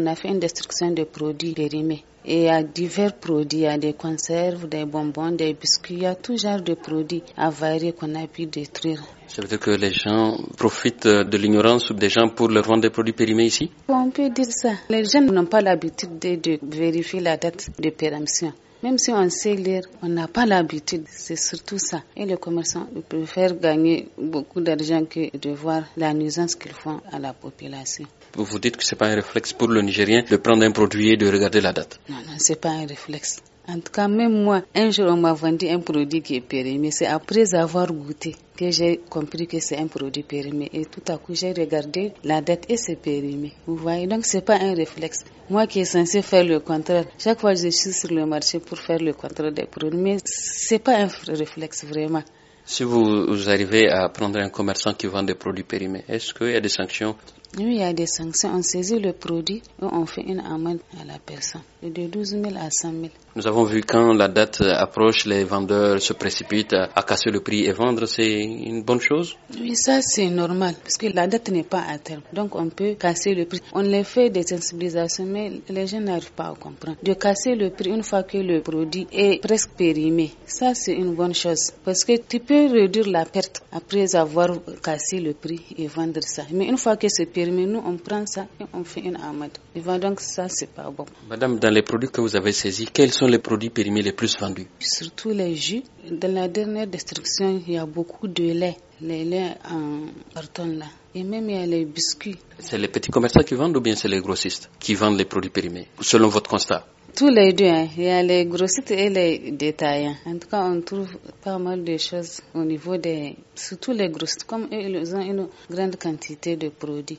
on a fait une destruction de produits périmés et il y a divers produits, il y a des conserves, des bonbons, des biscuits, il y a tout genre de produits avariés qu'on a pu détruire. Ça veut dire que les gens profitent euh, de l'ignorance des gens pour leur vendre des produits périmés ici On peut dire ça. Les gens n'ont pas l'habitude de, vérifier la date de péremption. Même si on sait lire, on n'a pas l'habitude, c'est surtout ça. Et les commerçants préfèrent gagner beaucoup d'argent que de voir la nuisance qu'ils font à la population. Vous Vous dites que ce n'est pas un réflexe pour le Nigérien de prendre un produit et de regarder la date. Non, non, c'est pas un réflexe. En tout cas, même moi, un jour, on m'a vendu un produit qui est périmé. C'est après avoir goûté que j'ai compris que c'est un produit périmé. Et tout à coup, j'ai regardé la dette et c'est périmé. Vous voyez, donc c'est pas un réflexe. Moi qui est censé faire le contraire, chaque fois je suis sur le marché pour faire le contraire des produits, mais c'est pas un réflexe vraiment. Si vous, vous, arrivez à prendre un commerçant qui vend des produits périmés, est-ce qu'il y a des sanctions nous, il y a des sanctions. On saisit le produit et on fait une amende à la personne. De 12 000 à 100 000. Nous avons vu quand la date approche, les vendeurs se précipitent à casser le prix et vendre. C'est une bonne chose Oui, ça c'est normal parce que la date n'est pas à terme. Donc on peut casser le prix. On les fait des sensibilisations, mais les gens n'arrivent pas à comprendre. De casser le prix une fois que le produit est presque périmé, ça c'est une bonne chose parce que tu peux réduire la perte après avoir cassé le prix et vendre ça. Mais une fois que c'est mais nous on prend ça et on fait une va donc ça, c'est pas bon. Madame, dans les produits que vous avez saisis, quels sont les produits périmés les plus vendus Surtout les jus. Dans la dernière destruction, il y a beaucoup de lait. Les laits en carton là. Et même il y a les biscuits. C'est les petits commerçants qui vendent ou bien c'est les grossistes qui vendent les produits périmés, selon votre constat tous les deux, hein. il y a les grossistes et les détaillants. En tout cas, on trouve pas mal de choses au niveau des. Surtout les grossistes, comme eux, ils ont une grande quantité de produits.